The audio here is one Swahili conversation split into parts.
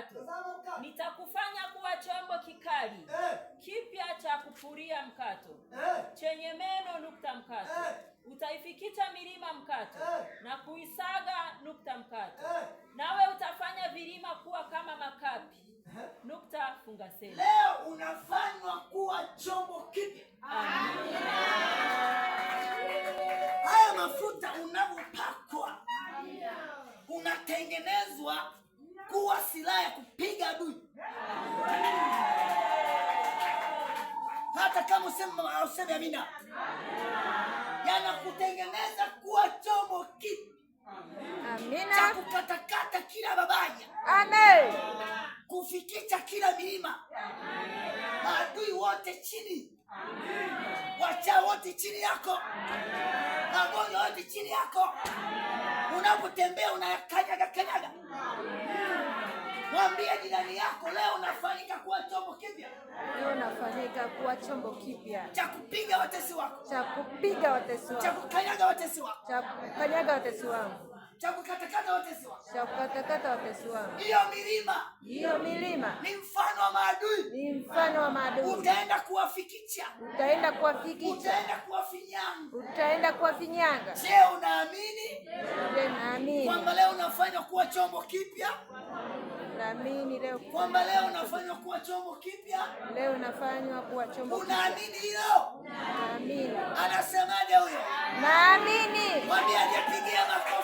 mkato, nitakufanya kuwa chombo kikali eh. kipya cha kupuria mkato eh. chenye meno nukta mkato eh, utaifikita milima mkato eh. na kuisaga nukta mkato nawe utafanya vilima kuwa kama makapi eh, nukta fungaseni. Leo unafanywa kuwa chombo kipya. Haya mafuta unavyopakwa unatengenezwa kuwa silaha ya kupiga adui, hata kama usema useme amina, yanakutengeneza kuwa chombo kipi cha kukatakata kila babaya amen, kufikicha kila milima, maadui wote chini wacha wote chini yako, magonjwa wote chini yako, unapotembea unayakanyaga kanyaga mwambie jirani yako leo nafanyika kuwa chombo kipya. Leo nafanyika kuwa chombo kipya cha kupiga watesi wako, cha kupiga watesi wako, cha kukanyaga watesi wako, cha kukanyaga watesi wangu cha kukatakata watesi wangu, cha kukatakata watesi wangu. Hiyo milima, hiyo milima ni mfano wa maadui, ni mfano wa maadui. Utaenda kuwafikicha, utaenda kuwafikicha, utaenda kuwafinyanga, utaenda kuwafinyanga. Je, unaamini? Je, naamini kwamba leo unafanywa kuwa chombo kipya. Naamini leo kwamba leo unafanywa kuwa chombo kipya. Leo unafanywa kuwa chombo kipya. Unaamini hilo? Naamini. Anasemaje huyo? Naamini. Mwambie ajipigie makofi.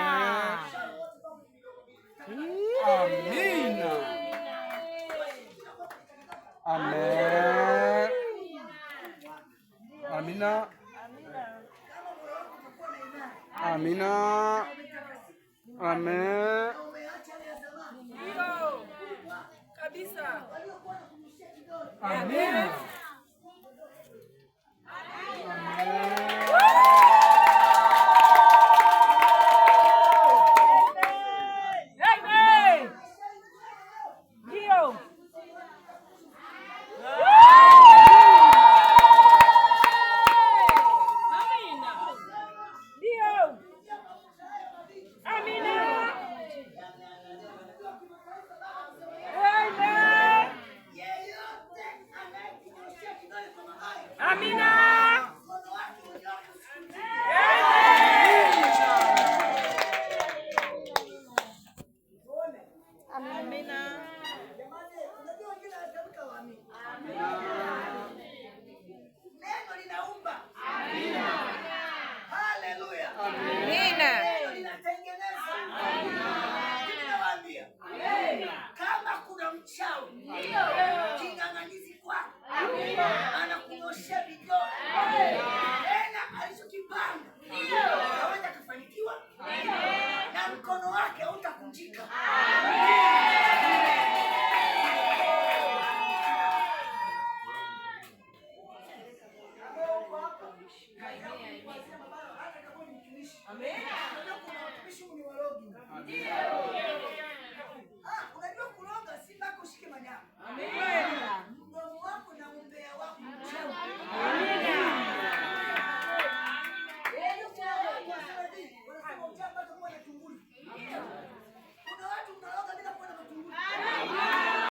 Amina. Amina. Amen. Kabisa. Amen. না Amen. kuronga si mpaka ushike madamu, mdomo